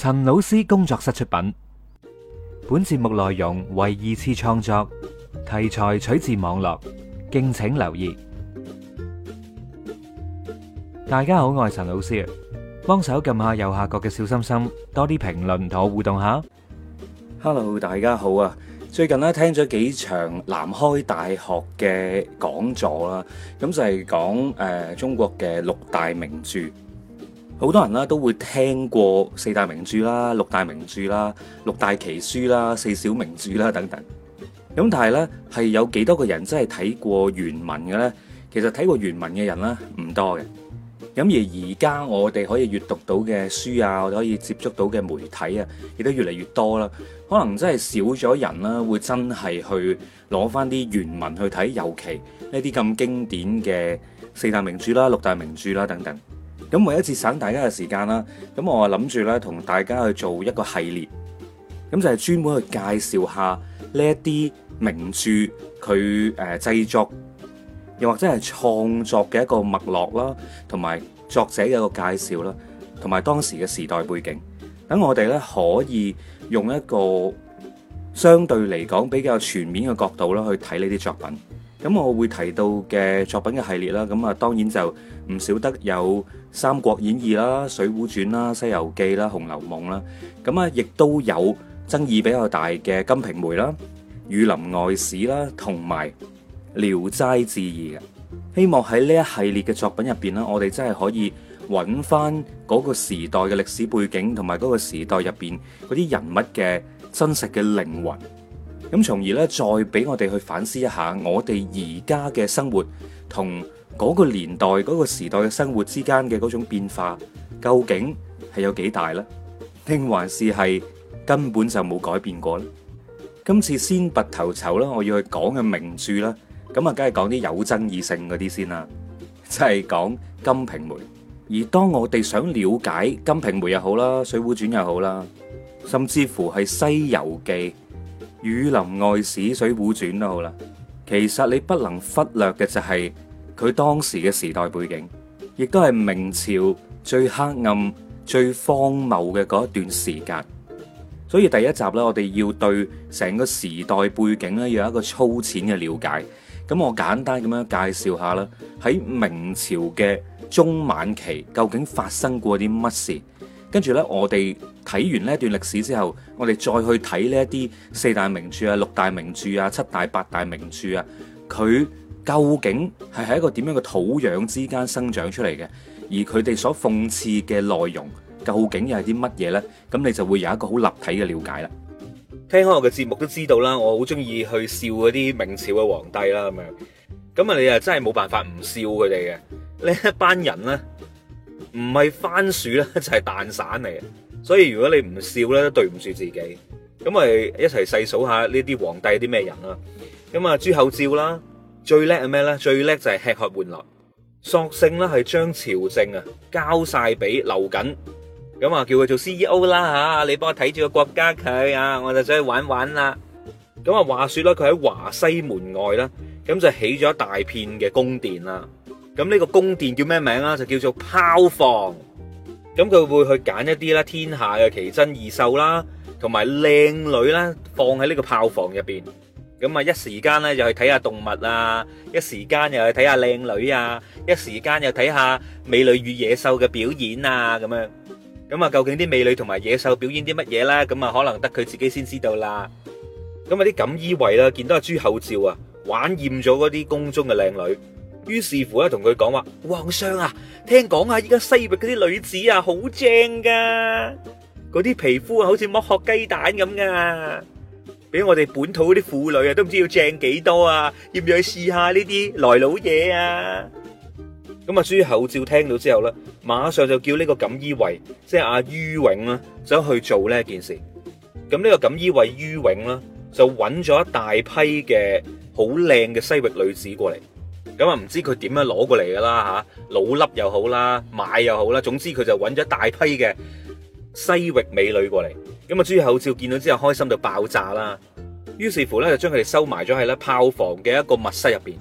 陳老師工作室出品，本節目內容為二次創作，題材取自網絡，敬請留意。大家好，我係陳老師，幫手撳下右下角嘅小心心，多啲評論同我互動下。Hello，大家好啊！最近呢聽咗幾場南開大學嘅講座啦，咁就係講誒中國嘅六大名著。好多人啦都會聽過四大名著啦、六大名著啦、六大奇書啦、四小名著啦等等。咁但係呢，係有幾多個人真係睇過原文嘅呢？其實睇過原文嘅人啦唔多嘅。咁而而家我哋可以閱讀到嘅書啊，我哋可以接觸到嘅媒體啊，亦都越嚟越多啦。可能真係少咗人啦，會真係去攞翻啲原文去睇，尤其呢啲咁經典嘅四大名著啦、六大名著啦等等。咁為咗節省大家嘅時間啦，咁我諗住咧同大家去做一個系列，咁就係專門去介紹下呢一啲名著佢誒製作，又或者係創作嘅一個脈絡啦，同埋作者嘅一個介紹啦，同埋當時嘅時代背景，等我哋咧可以用一個相對嚟講比較全面嘅角度啦，去睇呢啲作品。咁我會提到嘅作品嘅系列啦，咁啊當然就唔少得有《三國演義》啦、《水滸傳》啦、《西遊記》啦、《紅樓夢》啦，咁啊亦都有爭議比較大嘅《金瓶梅》啦、《儒林外史》啦，同埋《聊齋誌異》嘅。希望喺呢一系列嘅作品入邊啦，我哋真係可以揾翻嗰個時代嘅歷史背景，同埋嗰個時代入邊嗰啲人物嘅真實嘅靈魂。咁，從而咧，再俾我哋去反思一下，我哋而家嘅生活同嗰個年代、嗰個時代嘅生活之間嘅嗰種變化，究竟係有幾大呢？定還是係根本就冇改變過呢？今次先拔頭籌啦，我要去講嘅名著啦，咁啊，梗係講啲有爭議性嗰啲先啦，就係講《金瓶梅》。而當我哋想了解《金瓶梅》又好啦，《水滸傳》又好啦，甚至乎係《西遊記》。《儒林外史》《水滸傳》都好啦，其實你不能忽略嘅就係佢當時嘅時代背景，亦都係明朝最黑暗、最荒謬嘅嗰一段時間。所以第一集咧，我哋要對成個時代背景咧有一個粗淺嘅了解。咁我簡單咁樣介紹一下啦，喺明朝嘅中晚期，究竟發生過啲乜事？跟住呢，我哋睇完呢段歷史之後，我哋再去睇呢一啲四大名著啊、六大名著啊、七大、八大名著啊，佢究竟係喺一個點樣嘅土壤之間生長出嚟嘅？而佢哋所諷刺嘅內容，究竟又係啲乜嘢呢？咁你就會有一個好立體嘅了解啦。聽開我嘅節目都知道啦，我好中意去笑嗰啲明朝嘅皇帝啦咁樣。咁啊，你啊真係冇辦法唔笑佢哋嘅呢一班人呢。唔係番薯啦，就係蛋散嚟，所以如果你唔笑咧，都對唔住自己。咁咪一齊細數下呢啲皇帝啲咩人啦。咁啊，朱厚照啦，最叻係咩咧？最叻就係吃喝玩樂，索性啦係將朝政啊交晒俾劉瑾，咁啊叫佢做 CEO 啦吓，你幫我睇住個國家佢啊，我就想去玩玩啦。咁啊，話說啦，佢喺華西門外啦，咁就起咗一大片嘅宮殿啦。咁呢個宮殿叫咩名啊？就叫做炮房。咁佢會去揀一啲啦，天下嘅奇珍異獸啦，同埋靚女啦，放喺呢個炮房入邊。咁啊，一時間咧就去睇下動物啊，一時間又去睇下靚女啊，一時間又睇下美女與野獸嘅表演啊，咁樣。咁啊，究竟啲美女同埋野獸表演啲乜嘢咧？咁啊，可能得佢自己先知道啦。咁啊，啲錦衣衛啦，見到阿朱厚照啊，玩厭咗嗰啲宮中嘅靚女。於是乎咧，同佢講話：皇上啊，聽講啊，依家西域嗰啲女子啊，好正噶，嗰啲皮膚啊，好似剝殼雞蛋咁噶。俾我哋本土嗰啲婦女啊，都唔知要正幾多啊，要唔要去試下呢啲來佬嘢啊？咁啊，朱厚照聽到之後咧，馬上就叫呢個錦衣衛，即係阿于永啦，走去做呢一件事。咁呢個錦衣衛于永啦，就揾咗一大批嘅好靚嘅西域女子過嚟。咁啊，唔知佢點樣攞過嚟噶啦嚇，老笠又好啦，買又好啦，總之佢就揾咗大批嘅西域美女過嚟。咁啊，朱厚照見到之後開心到爆炸啦。於是乎咧，就將佢哋收埋咗喺咧炮房嘅一個密室入面。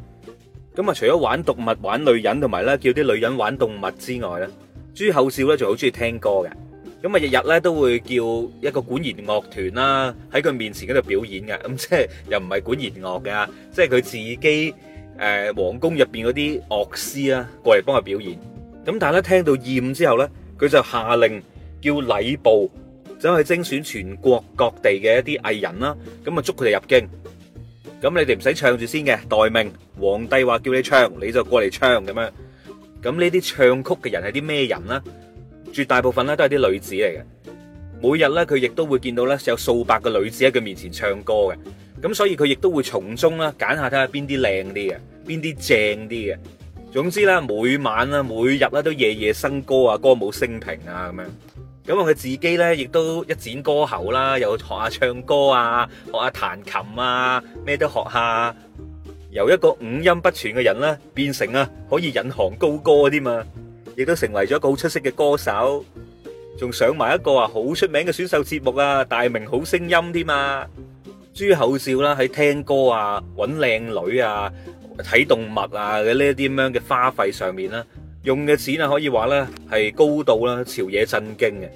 咁啊，除咗玩動物、玩女人，同埋咧叫啲女人玩動物之外咧，朱厚照咧仲好中意聽歌嘅。咁啊，日日咧都會叫一個管弦樂團啦喺佢面前嗰度表演嘅。咁即係又唔係管弦樂嘅，即係佢自己。誒，皇宮入邊嗰啲樂師啊，過嚟幫佢表演。咁但係咧，聽到厭之後咧，佢就下令叫禮部走去精選全國各地嘅一啲藝人啦。咁啊，捉佢哋入京。咁你哋唔使唱住先嘅，待命。皇帝話叫你唱，你就過嚟唱咁樣。咁呢啲唱曲嘅人係啲咩人呢？絕大部分咧都係啲女子嚟嘅。每日咧，佢亦都會見到咧有數百個女子喺佢面前唱歌嘅。咁所以佢亦都會從中啦揀下睇下邊啲靚啲嘅，邊啲正啲嘅。總之咧，每晚啦、每日啦都夜夜笙歌啊，歌舞升平啊咁樣。咁啊，佢自己咧亦都一展歌喉啦，又學下唱歌啊，學下彈琴啊，咩都學下。由一個五音不全嘅人啦，變成啊可以引吭高歌添嘛，亦都成為咗一個好出色嘅歌手，仲上埋一個啊好出名嘅選秀節目啊《大明好聲音》添嘛。豬口笑啦，喺聽歌啊、搵靚女啊、睇動物啊嘅呢一啲咁樣嘅花費上面啦，用嘅錢啊可以話咧係高到啦，朝野震驚嘅。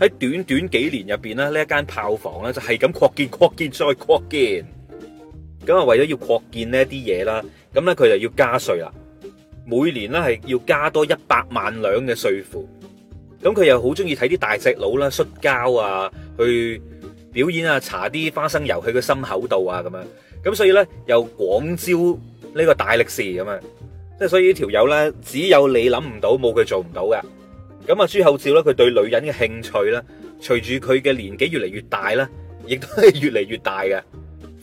喺短短幾年入邊咧，呢一間豹房咧就係咁擴建、擴建再擴建。咁啊，為咗要擴建呢一啲嘢啦，咁咧佢就要加稅啦。每年咧係要加多一百萬兩嘅稅負。咁佢又好中意睇啲大隻佬啦摔跤啊，去。表演啊，搽啲花生油喺個心口度啊，咁樣咁，所以咧又廣招呢個大力士咁啊，即係所以呢條友咧，只有你諗唔到，冇佢做唔到嘅。咁啊，朱厚照咧，佢對女人嘅興趣咧，隨住佢嘅年紀越嚟越大咧，亦都係越嚟越大嘅。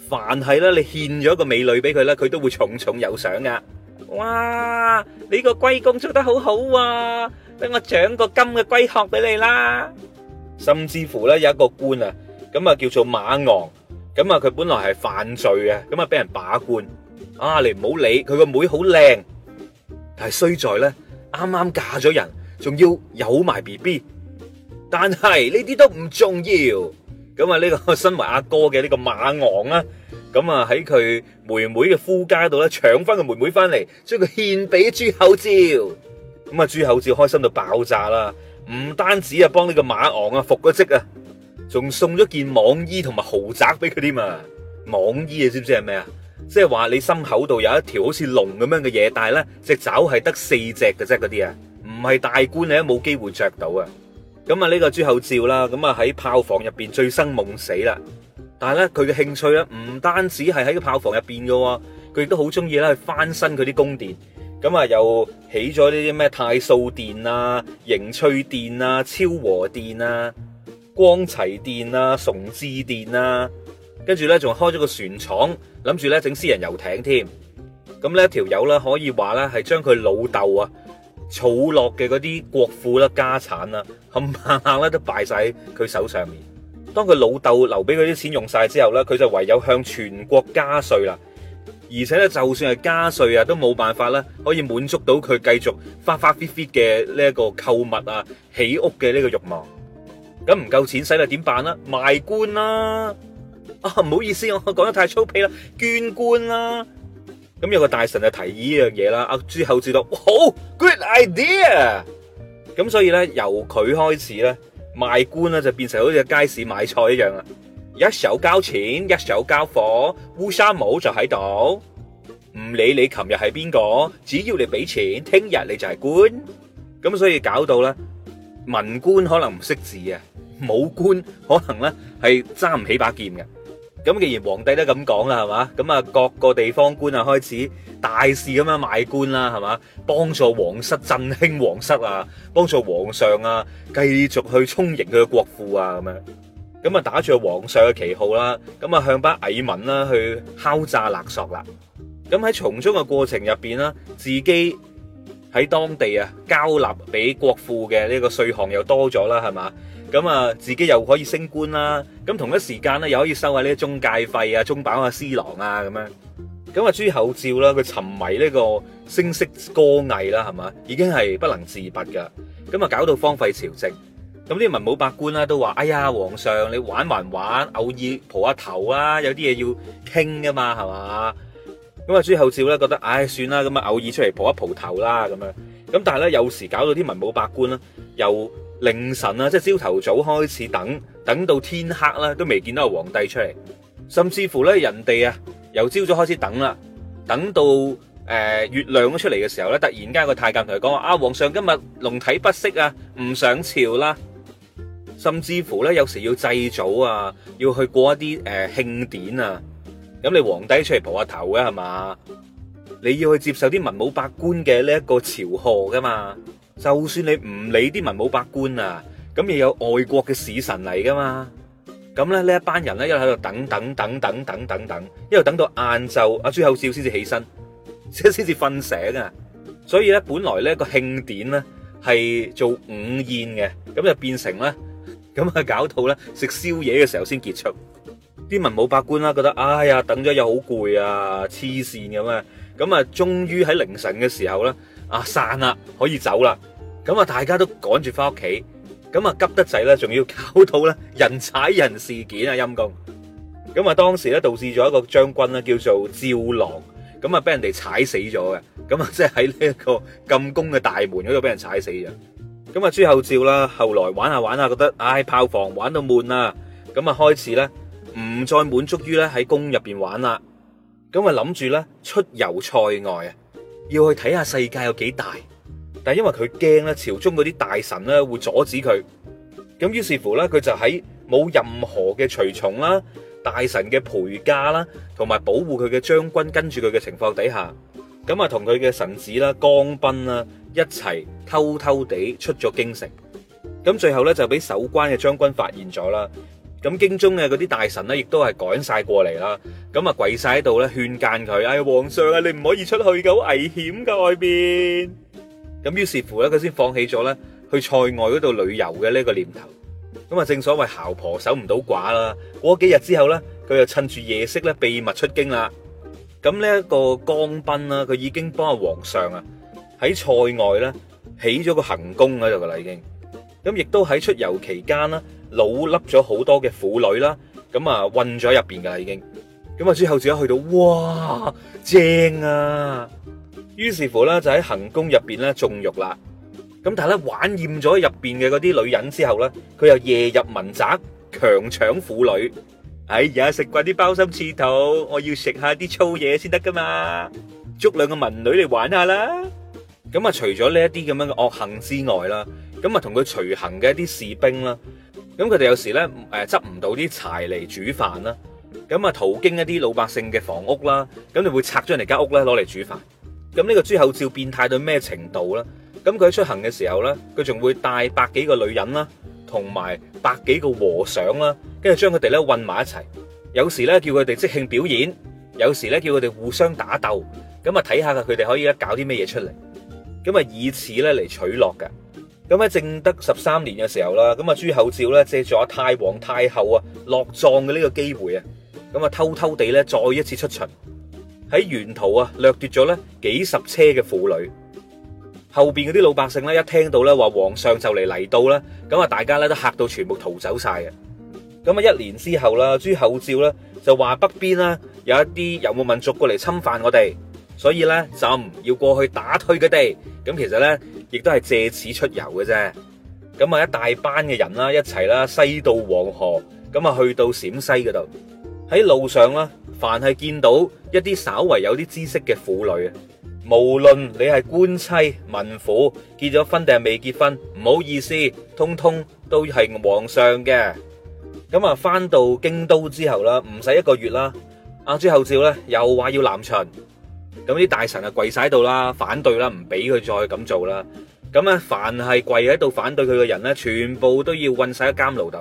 凡係咧，你獻咗個美女俾佢咧，佢都會重重有賞嘅。哇！你個龜公做得好好啊，等我獎個金嘅龜殼俾你啦。甚至乎咧，有一個官啊。咁啊，叫做馬昂，咁啊，佢本來係犯罪嘅，咁啊，俾人把官啊，你唔好理佢個妹好靚，但係衰在咧，啱啱嫁咗人，仲要有埋 B B，但係呢啲都唔重要，咁啊，呢個身為阿哥嘅呢個馬昂啦，咁啊喺佢妹妹嘅夫家度咧搶翻個妹妹翻嚟，將佢獻俾朱厚照，咁啊朱厚照開心到爆炸啦，唔單止啊幫呢個馬昂啊復個職啊。仲送咗件蟒衣同埋豪宅俾佢添啊！蟒衣你知唔知係咩啊？即係話你心口度有一條好似龍咁樣嘅嘢，但係咧隻爪係得四隻嘅啫，嗰啲啊，唔係大官你都冇機會着到啊！咁啊呢個朱厚照啦，咁啊喺豹房入邊醉生夢死啦，但係咧佢嘅興趣咧唔單止係喺個豹房入邊喎，佢亦都好中意咧去翻新佢啲宮殿，咁啊又起咗呢啲咩太素殿啊、凝翠殿啊、超和殿啊。光齊殿啊，崇之殿啊，跟住咧仲開咗個船廠，諗住咧整私人遊艇添。咁呢一條友啦，可以話咧係將佢老豆啊，儲落嘅嗰啲國庫啦、家產啊，冚唪唥咧都敗晒佢手上面。當佢老豆留俾佢啲錢用晒之後咧，佢就唯有向全國加稅啦。而且咧，就算係加稅啊，都冇辦法啦，可以滿足到佢繼續花花飛飛嘅呢一個購物啊、起屋嘅呢個慾望。咁唔夠錢使啦，點辦啦？賣官啦、啊！啊，唔好意思，我講得太粗鄙啦，捐官啦、啊！咁有個大臣就提議呢樣嘢啦，阿朱厚照到，好 good idea！咁所以咧，由佢開始咧，賣官咧就變成好似街市買菜一樣啦，一手交錢，一手交貨，烏紗帽就喺度，唔理你琴日係邊個，只要你俾錢，聽日你就係官。咁所以搞到咧。文官可能唔識字啊，武官可能咧係揸唔起把劍嘅。咁既然皇帝都咁講啦，係嘛？咁啊，各個地方官啊開始大肆咁樣賣官啦，係嘛？幫助皇室振興皇室啊，幫助皇上啊繼續去充盈佢嘅國庫啊，咁樣。咁啊，打住皇上嘅旗號啦，咁啊向班蟻民啦去敲詐勒索啦。咁喺從中嘅過程入邊呢，自己。喺當地啊，交納俾國庫嘅呢個稅項又多咗啦，係嘛？咁啊，自己又可以升官啦。咁同一時間咧，又可以收下呢啲中介費啊，中飽下私囊啊，咁樣。咁啊，朱厚照啦，佢沉迷呢個聲色歌藝啦，係嘛，已經係不能自拔噶。咁啊，搞到荒廢朝政。咁啲文武百官啦都話：，哎呀，皇上你玩還玩，玩，偶爾蒲下頭啊，有啲嘢要傾噶嘛，係嘛？咁啊，朱厚照咧，覺得唉、哎，算啦，咁啊，偶爾出嚟蒲一蒲頭啦，咁樣。咁但係咧，有時搞到啲文武百官啦，由凌晨啊，即係朝頭早開始等，等到天黑啦，都未見到個皇帝出嚟。甚至乎咧，人哋啊，由朝早開始等啦，等到誒、呃、月亮出嚟嘅時候咧，突然間個太監同佢講話：，啊，皇上今日龍體不適啊，唔上朝啦。甚至乎咧，有時要祭祖啊，要去過一啲誒慶典啊。咁你皇帝出嚟蒲下頭呀，係嘛？你要去接受啲文武百官嘅呢一個朝賀噶嘛？就算你唔理啲文武百官啊，咁亦有外國嘅使臣嚟噶嘛？咁咧，呢一班人咧，一喺度等等等等等等等，一路等，等，等，等，等，等到晏晝啊，朱厚照先至起身，先至瞓醒啊！所以咧，本來呢個慶典咧係做午宴嘅，咁就變成呢，咁啊搞到咧食宵夜嘅時候先結束。啲文武百官啦，覺得哎呀，等咗又好攰啊，黐線咁啊！咁啊，終於喺凌晨嘅時候咧，啊散啦，可以走啦。咁啊，大家都趕住翻屋企，咁啊急得滯啦，仲要搞到咧人踩人事件啊，陰公。咁啊，當時咧導致咗一個將軍啊叫做趙狼，咁啊俾人哋踩死咗嘅。咁啊，即係喺呢一個禁宮嘅大門嗰度俾人踩死咗。咁啊，朱厚照啦，後來玩下玩下覺得，唉，炮房玩到悶啦，咁啊開始咧。唔再滿足於咧喺宮入邊玩啦，咁啊諗住咧出遊塞外啊，要去睇下世界有幾大，但係因為佢驚咧朝中嗰啲大臣咧會阻止佢，咁於是乎咧佢就喺冇任何嘅隨從啦、大臣嘅陪駕啦、同埋保護佢嘅將軍跟住佢嘅情況底下，咁啊同佢嘅臣子啦、江斌啦一齊偷偷地出咗京城，咁最後咧就俾守關嘅將軍發現咗啦。咁京中嘅嗰啲大臣咧，亦都係趕曬過嚟啦。咁啊跪曬喺度咧，勸諫佢，哎，皇上啊，你唔可以出去噶，好危險噶外邊。咁於是乎咧，佢先放棄咗咧去塞外嗰度旅遊嘅呢個念頭。咁啊，正所謂姣婆守唔到寡啦。過幾日之後咧，佢就趁住夜色咧，秘密出京啦。咁呢一個江彬啦，佢已經幫阿皇上啊喺塞外咧起咗個行宮喺度啦，已經。咁亦都喺出遊期間啦。老笠咗好多嘅婦女啦，咁啊混咗入邊噶已經，咁啊之後自己去到，哇正啊！於是乎咧就喺行宮入邊咧縱欲啦，咁但係咧玩厭咗入邊嘅嗰啲女人之後咧，佢又夜入民宅強搶婦女。哎呀，食慣啲包心刺肚，我要食下啲粗嘢先得噶嘛！捉兩個民女嚟玩下啦！咁啊，除咗呢一啲咁樣嘅惡行之外啦，咁啊同佢隨行嘅一啲士兵啦。咁佢哋有時咧，誒執唔到啲柴嚟煮飯啦，咁啊途經一啲老百姓嘅房屋啦，咁就會拆咗人哋間屋咧攞嚟煮飯。咁、這、呢個朱厚照變態到咩程度咧？咁佢喺出行嘅時候咧，佢仲會帶百幾個女人啦，同埋百幾個和尚啦，跟住將佢哋咧混埋一齊。有時咧叫佢哋即興表演，有時咧叫佢哋互相打鬥，咁啊睇下佢哋可以咧搞啲咩嘢出嚟，咁啊以此咧嚟取樂嘅。咁喺正德十三年嘅時候啦，咁啊朱厚照咧借住阿太皇太后啊落葬嘅呢個機會啊，咁啊偷偷地咧再一次出巡，喺沿途啊掠奪咗咧幾十車嘅婦女，後邊嗰啲老百姓咧一聽到咧話皇上就嚟嚟到啦，咁啊大家咧都吓到全部逃走晒嘅。咁啊一年之後啦，朱厚照咧就話北邊啦有一啲游牧民族過嚟侵犯我哋，所以咧朕要過去打退佢哋。咁其實咧。亦都係借此出遊嘅啫，咁啊一大班嘅人啦，一齊啦西到黃河，咁啊去到陝西嗰度，喺路上啦，凡係見到一啲稍為有啲知識嘅婦女啊，無論你係官妻、民婦，結咗婚定係未結婚，唔好意思，通通都係皇上嘅。咁啊，翻到京都之後啦，唔使一個月啦，阿朱厚照咧又話要南巡。咁啲大臣就跪晒度啦，反對啦，唔俾佢再咁做啦。咁啊，凡係跪喺度反對佢嘅人咧，全部都要困晒一監牢度。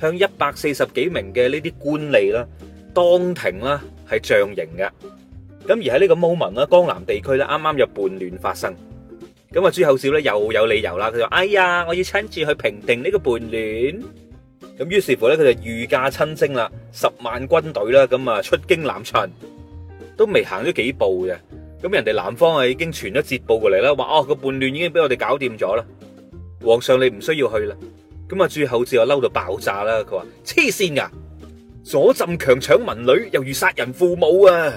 向一百四十幾名嘅呢啲官吏啦，當庭啦係杖刑嘅。咁而喺呢個 moment 啦，江南地區啦，啱啱有叛亂發生。咁啊，朱厚照咧又有理由啦，佢話：哎呀，我要親自去平定呢個叛亂。咁於是乎咧，佢就御駕親征啦，十萬軍隊啦，咁啊出京南巡。都未行咗幾步嘅，咁人哋南方啊已經傳咗捷報過嚟啦，話哦個叛亂已經俾我哋搞掂咗啦，皇上你唔需要去啦。咁啊最後至又嬲到爆炸啦，佢話黐線噶，左朕強搶民女，猶如殺人父母啊！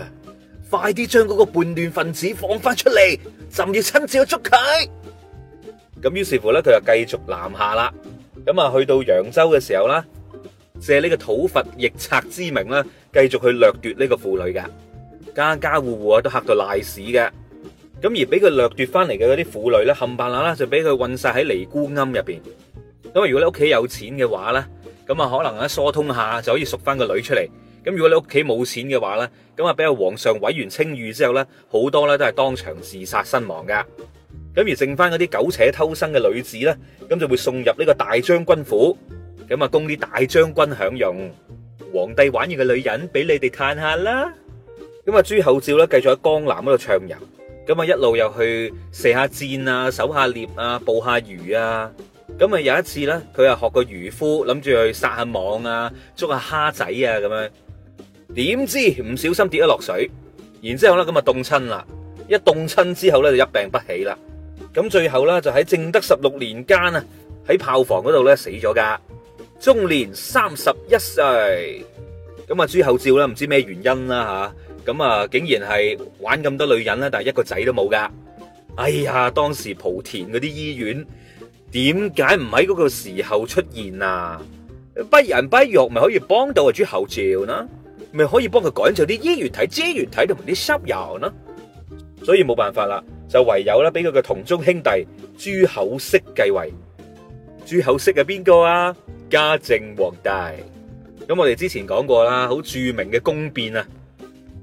快啲將嗰個叛亂分子放翻出嚟，朕要親自去捉佢。咁於是乎咧，佢就繼續南下啦。咁啊去到揚州嘅時候啦，借呢個討伐逆賊之名啦，繼續去掠奪呢個婦女噶。家家戶戶啊都吓到賴屎嘅，咁而俾佢掠奪翻嚟嘅嗰啲婦女咧，冚唪唥啦就俾佢韫晒喺尼姑庵入邊。咁啊，如果你屋企有錢嘅話咧，咁啊可能咧疏通一下就可以贖翻個女出嚟。咁如果你屋企冇錢嘅話咧，咁啊俾個皇上毀完清譽之後咧，好多咧都係當場自殺身亡噶。咁而剩翻嗰啲苟且偷生嘅女子咧，咁就會送入呢個大將軍府，咁啊供啲大將軍享用。皇帝玩完嘅女人，俾你哋嘆下啦。咁啊朱厚照咧，繼續喺江南嗰度暢遊，咁啊一路又去射下箭啊，狩下獵啊，捕下魚啊，咁啊有一次咧，佢又學個漁夫，諗住去撒下網啊，捉下蝦仔啊，咁樣，點知唔小心跌咗落水，然之後咧，咁啊凍親啦，一凍親之後咧就一病不起啦，咁最後咧就喺正德十六年間啊，喺炮房嗰度咧死咗噶，終年三十一歲。咁啊朱厚照咧唔知咩原因啦吓。咁啊，竟然係玩咁多女人啦，但係一個仔都冇噶。哎呀，當時莆田嗰啲醫院點解唔喺嗰個時候出現啊？不人不育，咪可以幫到啊？朱厚照啦，咪可以幫佢趕走啲衣原體、支原體同埋啲濕疣啦。所以冇辦法啦，就唯有咧俾佢嘅同宗兄弟朱厚熜繼位。朱厚熜係邊個啊？嘉靖皇帝。咁我哋之前講過啦，好著名嘅宮變啊！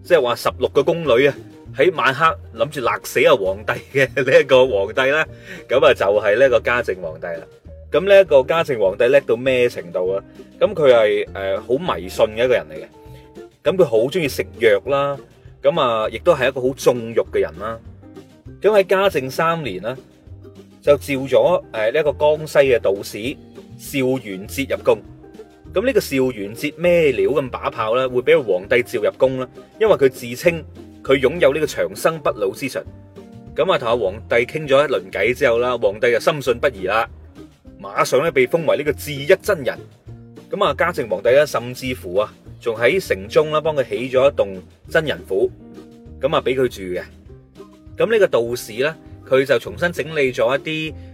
即係話十六個宮女啊，喺晚黑諗住勒死啊皇帝嘅呢一個皇帝咧，咁啊就係呢一個嘉靖皇帝啦。咁呢一個嘉靖皇帝叻到咩程度啊？咁佢係誒好迷信嘅一個人嚟嘅，咁佢好中意食藥啦，咁啊亦都係一個好縱慾嘅人啦。咁喺嘉靖三年咧，就召咗誒呢一個江西嘅道士邵元節入宮。咁呢個邵元節咩料咁把炮咧，會俾個皇帝召入宮啦？因為佢自稱佢擁有呢個長生不老之術。咁啊，同阿皇帝傾咗一輪偈之後啦，皇帝就深信不疑啦，馬上咧被封為呢個至一真人。咁啊，嘉靖皇帝啊甚至乎啊，仲喺城中啦幫佢起咗一棟真人府，咁啊俾佢住嘅。咁呢個道士咧。佢就重新整理咗一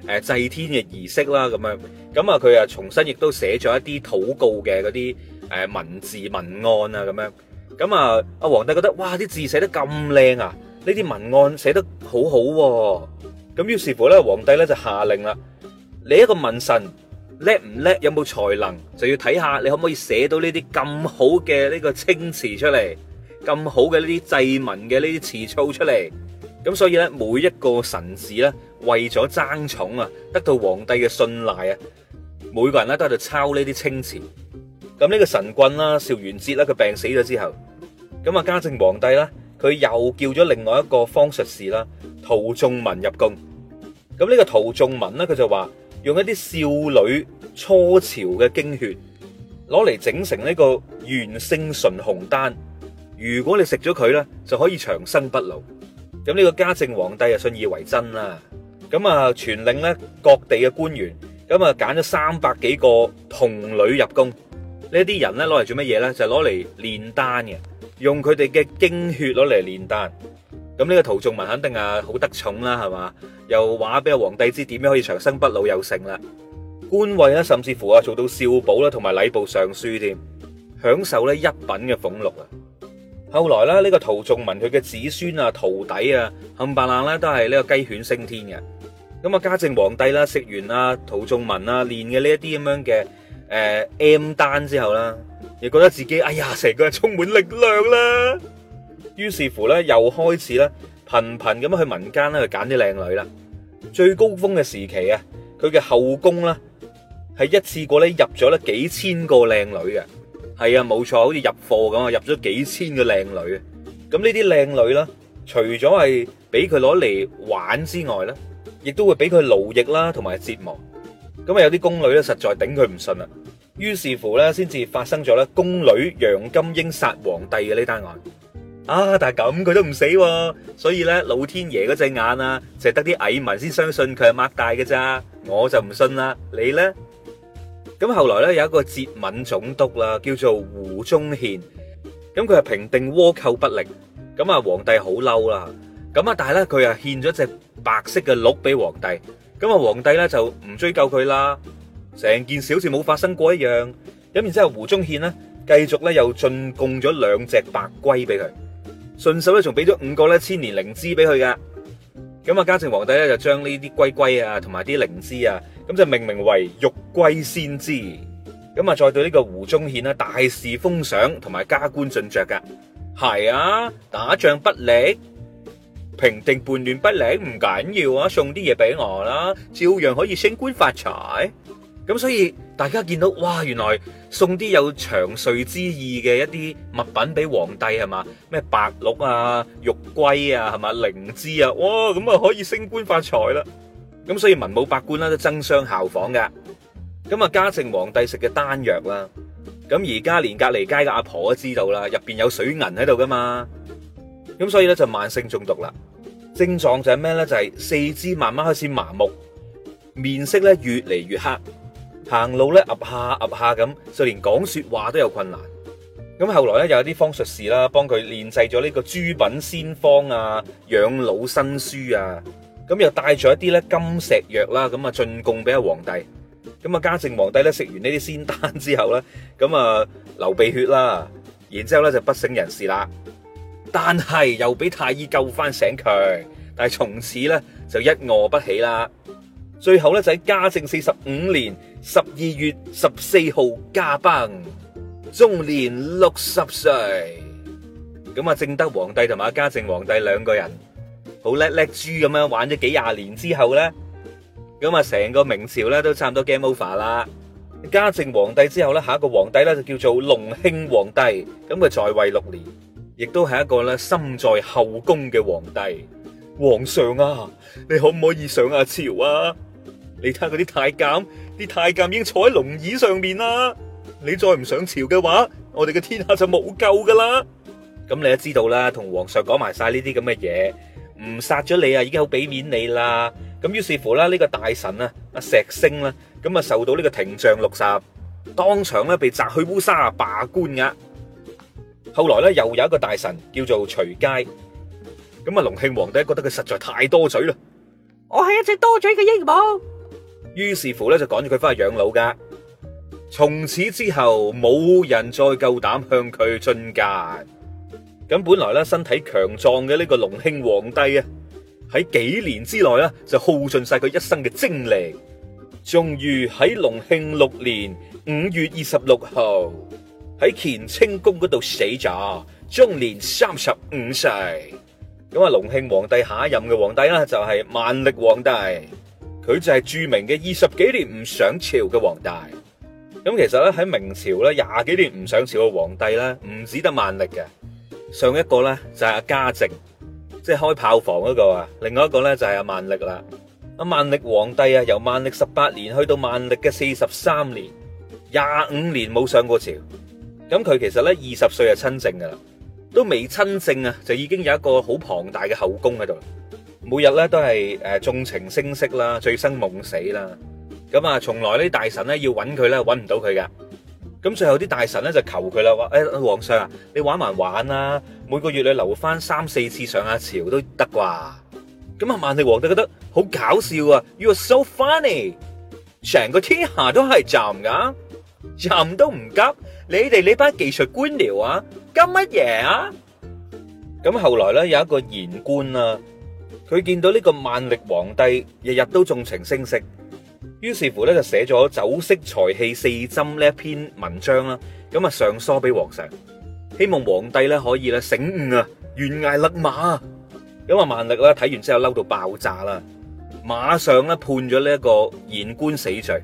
啲誒祭天嘅儀式啦，咁樣咁啊，佢啊重新亦都寫咗一啲禱告嘅嗰啲誒文字文案啊，咁樣咁啊，阿皇帝覺得哇，啲字寫得咁靚啊，呢啲文案寫得好好喎，咁於是乎咧，皇帝咧就下令啦，你一個文臣叻唔叻，有冇才能，就要睇下你可唔可以寫到呢啲咁好嘅呢個青詞出嚟，咁好嘅呢啲祭文嘅呢啲詞藻出嚟。咁所以咧，每一個臣子咧，為咗爭寵啊，得到皇帝嘅信賴啊，每個人咧都喺度抄呢啲清詞。咁呢個神棍啦，邵元節啦，佢病死咗之後，咁啊，嘉靖皇帝啦，佢又叫咗另外一個方術士啦，陶仲文入宮。咁呢個陶仲文咧，佢就話用一啲少女初潮嘅經血，攞嚟整成呢個元性純紅丹。如果你食咗佢咧，就可以長生不老。咁呢個嘉靖皇帝啊，信以為真啦，咁啊全令咧各地嘅官員，咁啊揀咗三百幾個童女入宮，呢啲人咧攞嚟做乜嘢咧？就攞嚟煉丹嘅，用佢哋嘅經血攞嚟煉丹。咁、這、呢個陶仲文肯定啊好得寵啦，係嘛？又話俾阿皇帝知點樣可以長生不老又成啦，官位咧甚至乎啊做到少保啦，同埋禮部尚書添，享受咧一品嘅俸祿啊！後來咧，呢、這個陶仲文佢嘅子孫啊、徒弟啊，冚唪唥咧都係呢個雞犬升天嘅。咁啊，嘉靖皇帝啦，食完啊陶仲文啊練嘅呢一啲咁樣嘅誒、呃、M 丹之後啦，亦覺得自己哎呀，成個係充滿力量啦。於是乎咧，又開始咧頻頻咁去民間咧去揀啲靚女啦。最高峰嘅時期啊，佢嘅後宮啦係一次過咧入咗咧幾千個靚女嘅。係啊，冇錯，好似入貨咁啊，入咗幾千個靚女，咁呢啲靚女咧，除咗係俾佢攞嚟玩之外咧，亦都會俾佢奴役啦，同埋折磨。咁啊，有啲宮女咧，實在頂佢唔順啊，於是乎咧，先至發生咗咧宮女楊金英殺皇帝嘅呢單案。啊，但係咁佢都唔死，所以咧，老天爺嗰隻眼啊，淨係得啲蟻民先相信佢係擘大嘅咋，我就唔信啦，你咧？咁後來咧，有一個浙閩總督啦，叫做胡宗憲，咁佢係平定倭寇不力，咁啊皇帝好嬲啦，咁啊但係咧佢啊獻咗隻白色嘅鹿俾皇帝，咁啊皇帝咧就唔追究佢啦，成件小事冇發生過一樣，咁然之後胡宗憲咧繼續咧又進貢咗兩隻白龜俾佢，順手咧仲俾咗五個咧千年靈芝俾佢噶，咁啊嘉靖皇帝咧就將呢啲龜龜啊同埋啲靈芝啊。咁就命名為「玉龜先知」。咁啊再對呢個胡宗憲啊，大肆封賞，同埋加官進爵噶，係啊，打仗不力，平定叛亂不力唔緊要啊，送啲嘢俾我啦，照樣可以升官發財。咁所以大家見到哇，原來送啲有長歲之意嘅一啲物品俾皇帝係嘛，咩白鹿啊、玉龜啊係嘛、靈芝啊，哇，咁啊可以升官發財啦。咁所以文武百官啦都爭相效仿㗎。咁啊嘉靖皇帝食嘅丹藥啦，咁而家連隔籬街嘅阿婆都知道啦，入邊有水銀喺度噶嘛，咁所以咧就慢性中毒啦，症狀就係咩咧？就係四肢慢慢開始麻木，面色咧越嚟越黑，行路咧岌下岌下咁，就連講說話都有困難。咁後來咧有一啲方術士啦，幫佢煉製咗呢個諸品仙方啊，養老新書啊。咁又帶咗一啲咧金石藥啦，咁啊進貢俾阿皇帝。咁啊嘉靖皇帝咧食完呢啲仙丹之後咧，咁啊流鼻血啦，然之後咧就不省人事啦。但係又俾太醫救翻醒佢，但係從此咧就一卧不起啦。最後咧就喺嘉靖四十五年十二月十四號駕崩，終年六十歲。咁啊正德皇帝同埋阿嘉靖皇帝兩個人。好叻叻豬咁樣玩咗幾廿年之後咧，咁啊成個明朝咧都差唔多 game over 啦。嘉靖皇帝之後咧，下一個皇帝咧就叫做隆慶皇帝，咁佢在位六年，亦都係一個咧深在後宮嘅皇帝。皇上啊，你可唔可以上下朝啊？你睇下嗰啲太監，啲太監已經坐喺龍椅上面啦。你再唔上朝嘅話，我哋嘅天下就冇救噶啦。咁你都知道啦，同皇上講埋晒呢啲咁嘅嘢，唔殺咗你啊，已經好俾面你啦。咁於是乎咧，呢個大臣啊，阿石星啦，咁啊受到呢個廷杖六十，當場咧被摘去烏紗罷官噶。後來咧又有一個大臣叫做徐階。咁啊隆慶皇帝覺得佢實在太多嘴啦。我係一隻多嘴嘅鸚鵡。於是乎咧就趕住佢翻去養老噶。從此之後冇人再夠膽向佢進諫。咁本來咧身體強壯嘅呢個隆慶皇帝啊，喺幾年之內咧就耗盡晒佢一生嘅精力，終於喺隆慶六年五月二十六號喺乾清宮嗰度死咗，終年三十五歲。咁啊，隆慶皇帝下一任嘅皇帝呢，就係萬曆皇帝，佢就係著名嘅二十幾年唔上朝嘅皇帝。咁其實咧喺明朝咧廿幾年唔上朝嘅皇帝咧唔止得萬曆嘅。上一個咧就係阿嘉靖，即係開炮房嗰個啊，另外一個咧就係阿萬曆啦，阿萬曆皇帝啊，由萬曆十八年去到萬曆嘅四十三年，廿五年冇上過朝，咁佢其實咧二十歲就親政噶啦，都未親政啊，就已經有一個好龐大嘅後宮喺度，每日咧都係誒縱情聲色啦，醉生夢死啦，咁啊從來呢大臣咧要揾佢咧揾唔到佢噶。咁最後啲大臣咧就求佢啦，話誒皇上啊，你玩埋玩啦，每個月你留翻，三四次上下朝都得啩。咁啊萬曆皇帝覺得好搞笑啊，You are so funny，成個天下都係朕㗎，朕都唔急，你哋呢班技術官僚啊，急乜嘢啊？咁後來咧有一個言官啊，佢見到呢個萬曆皇帝日日都縱情聲色。於是乎咧，就寫咗《酒色財氣四針》呢一篇文章啦，咁啊上疏，俾皇上，希望皇帝咧可以咧醒悟啊，懸崖勒馬啊！咁啊萬歷咧睇完之後嬲到爆炸啦，馬上咧判咗呢一個言官死罪。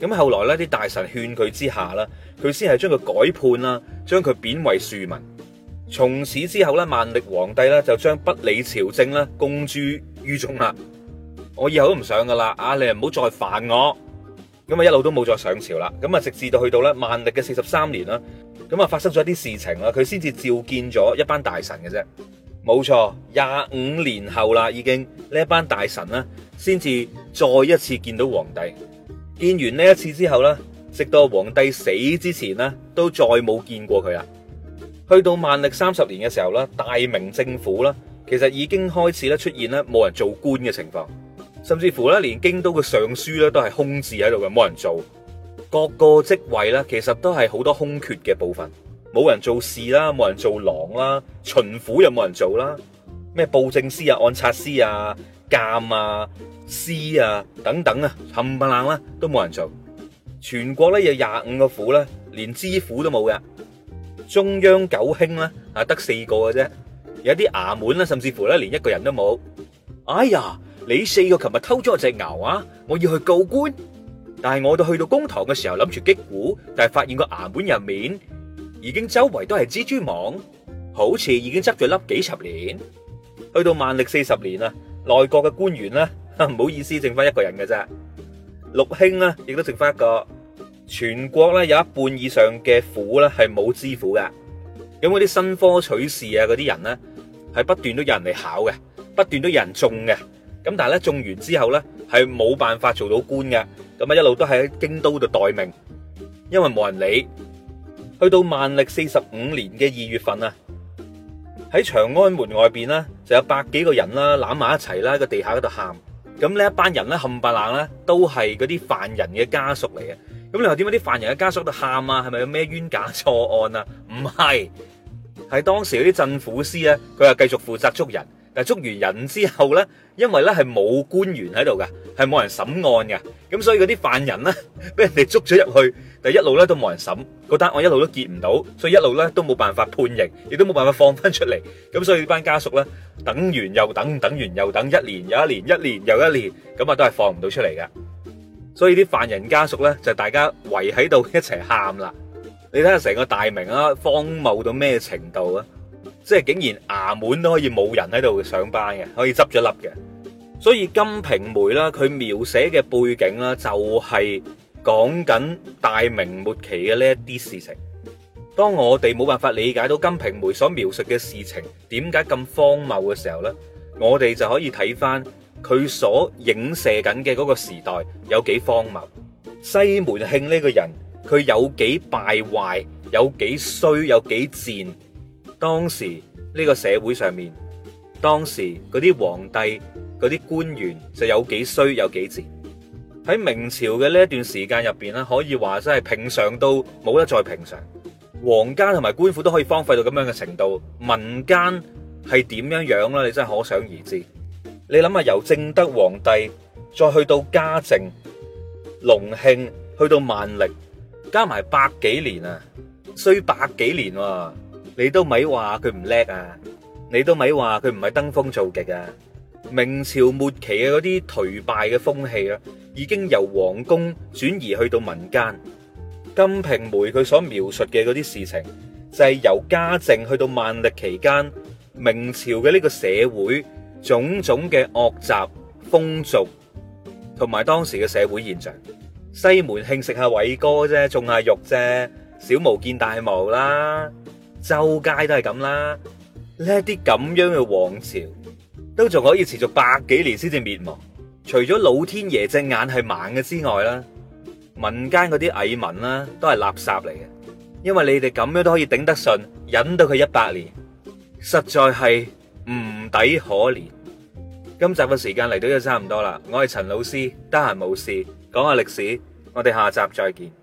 咁後來咧啲大臣勸佢之下啦，佢先係將佢改判啦，將佢貶為庶民。從此之後咧，萬歷皇帝咧就將不理朝政咧公諸於眾啦。我以後都唔想噶啦，啊！你唔好再煩我，咁啊一路都冇再上朝啦。咁啊，直至到去到咧萬歷嘅四十三年啦，咁啊發生咗一啲事情啦，佢先至召見咗一班大臣嘅啫。冇錯，廿五年後啦，已經呢一班大臣啦先至再一次見到皇帝。見完呢一次之後咧，直到皇帝死之前咧，都再冇見過佢啦。去到萬歷三十年嘅時候啦，大明政府啦，其實已經開始咧出現咧冇人做官嘅情況。甚至乎咧，連京都嘅尚書咧都係空置喺度嘅，冇人做。各個職位啦，其實都係好多空缺嘅部分，冇人做事啦，冇人做郎啦，巡撫又冇人做啦，咩布政司啊、按察司啊、監啊、司啊等等啊，冚唪唥啦都冇人做。全國咧有廿五個府咧，連知府都冇嘅。中央九卿咧啊得四個嘅啫，有啲衙門咧，甚至乎咧連一個人都冇。哎呀！你四個琴日偷咗隻牛啊！我要去告官，但係我到去到公堂嘅時候諗住擊鼓，但係發現個衙門入面已經周圍都係蜘蛛網，好似已經執咗粒幾十年。去到萬曆四十年啦，內閣嘅官員咧，唔好意思，剩翻一個人嘅啫。六卿咧亦都剩翻一個，全國咧有一半以上嘅府咧係冇知府㗎。咁啲新科取士啊，嗰啲人咧係不斷都有人嚟考嘅，不斷都有人中嘅。咁但係咧中完之後咧係冇辦法做到官嘅，咁啊一路都喺京都度待命，因為冇人理。去到萬曆四十五年嘅二月份啊，喺長安門外邊呢，就有百幾個人啦攬埋一齊啦喺個地下嗰度喊。咁呢一班人咧冚唪唥咧都係嗰啲犯人嘅家屬嚟嘅。咁你話點解啲犯人嘅家屬度喊啊？係咪有咩冤假錯案啊？唔係，係當時嗰啲鎮撫司咧，佢係繼續負責捉人。但係捉完人之後咧，因為咧係冇官員喺度噶，係冇人審案噶，咁所以嗰啲犯人咧，俾人哋捉咗入去，但係一路咧都冇人審，個單案一路都結唔到，所以一路咧都冇辦法判刑，亦都冇辦法放翻出嚟，咁所以班家屬咧等完又等，等完又等，一年又一年，一年又一年，咁啊都係放唔到出嚟噶，所以啲犯人家屬咧就大家圍喺度一齊喊啦，你睇下成個大明啊荒謬到咩程度啊！即係竟然衙門都可以冇人喺度上班嘅，可以執咗笠嘅。所以《金瓶梅》啦，佢描寫嘅背景啦，就係講緊大明末期嘅呢一啲事情。當我哋冇辦法理解到《金瓶梅》所描述嘅事情點解咁荒謬嘅時候呢，我哋就可以睇翻佢所影射緊嘅嗰個時代有幾荒謬。西門慶呢個人，佢有幾敗壞，有幾衰，有幾賤。當時呢個社會上面，當時嗰啲皇帝、嗰啲官員就有幾衰有幾賤。喺明朝嘅呢一段時間入邊咧，可以話真係平常到冇得再平常。皇家同埋官府都可以荒廢到咁樣嘅程度，民間係點樣樣咧？你真係可想而知。你諗下由正德皇帝再去到嘉靖、隆慶，去到萬曆，加埋百幾年啊，衰百幾年啊。你都咪話佢唔叻啊！你都咪話佢唔係登峰造極啊！明朝末期嘅嗰啲頹敗嘅風氣啊，已經由皇宮轉移去到民間。《金瓶梅》佢所描述嘅嗰啲事情，就係由嘉靖去到萬曆期間，明朝嘅呢個社會種種嘅惡習風俗，同埋當時嘅社會現象。西門慶食下偉哥啫，種下肉啫，小巫見大巫啦。周街都係咁啦，呢啲咁樣嘅王朝，都仲可以持續百幾年先至滅亡。除咗老天爺隻眼係盲嘅之外啦，民間嗰啲蟻民啦，都係垃圾嚟嘅。因為你哋咁樣都可以頂得順，忍到佢一百年，實在係唔抵可憐。今集嘅時間嚟到就差唔多啦，我係陳老師，得閒冇事講下歷史，我哋下集再見。